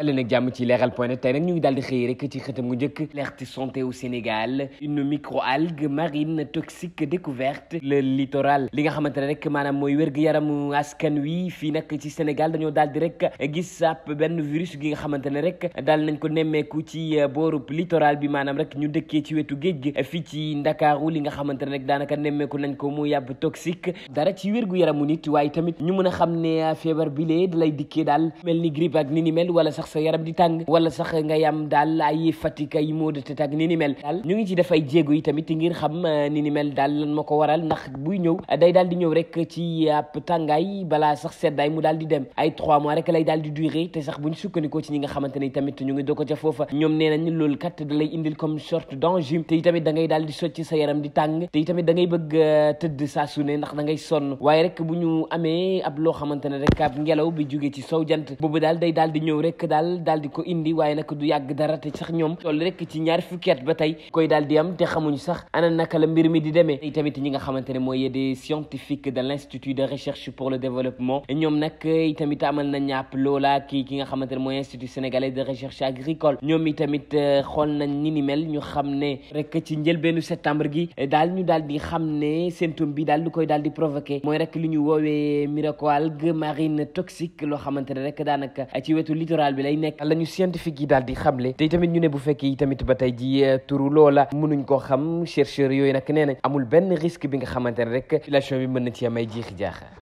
allee nag jàmm ci leeral point net tey nag ñu ngi daal di xëy rek ci xëtam gu santé au Sénégal une microalgue marine toxique découverte littoral li nga xamante ne rek maanaam mooy wérgu yaramu askan wi fii nag ci Sénégal dañoo daal di rek benn virus gi nga xamante ne rek daal nañ ko nemmeeku ci euh, boorub littoral bi maanaam rek ñu dëkkee ci wetu gi fii ci Ndakaaru li nga xamante ne rek daanaka nemmeeku nañ ko mu yàbb toxique dara ci wérgu yaramu nit waaye tamit ñu mën a xam ne euh, feebar bi lee dalay dikkee daal mel ni grippe ak ni mel wala sax sa yaram di tàng wala sax nga yam daal ay fatigue ay maux de tête ak ni ni daal ñu ngi ci defay ay yi tamit ngir xam euh, ni ni mel daal lan ma ko waral ndax buy ñëw euh, day daal di ñëw rek ci ab tàngaay balaa sax seddaay mu daal di dem ay trois mois rek lay daal di durer te sax bu ñu sukkandikoo ci ñi nga xamante ne tamit ñu ngi doko ca foofa ñoom nee nañ loolu kat da lay indil comme sorte d'angine te itamit da ngay daal di socc sa yaram di tàng te itamit da ngay bëgg euh, tëdd sa su ne ndax da ngay sonn waaye rek bu ñu amee ab loo xamante ne rek ab ngelaw bi jugee ci sow jant boobu daal day daal di ñëw rek daal daal di ko indi waaye nag du yàgg dara te sax ñoom toll rek ci ñaar fukki at ba tey koy daal di am te xamuñu sax ana naka la mbir mi di demee tey ñi nga xamante mooy des scientifiques de l' de recherche pour le développement ñoom nag itamit amal na ñàpp loola kii ki nga xamante mooy institut sénégalais de recherche agricole ñoom itamit euh, xool nañ ni ñu xam ne ci njëlbeenu septembre gi euh, daal ñu daal di xam ne symptôme di bi lay nekk la ñu scientifique yi daal di xamle te tamit ñu ne bu fekkee tamit ba tey ji euh, turu loola mënuñ koo xam chercheurs yooyu nag nee nañ amul benn risque bi nga xamante ne rek population bi mën na ci am ay jiixi jaaxa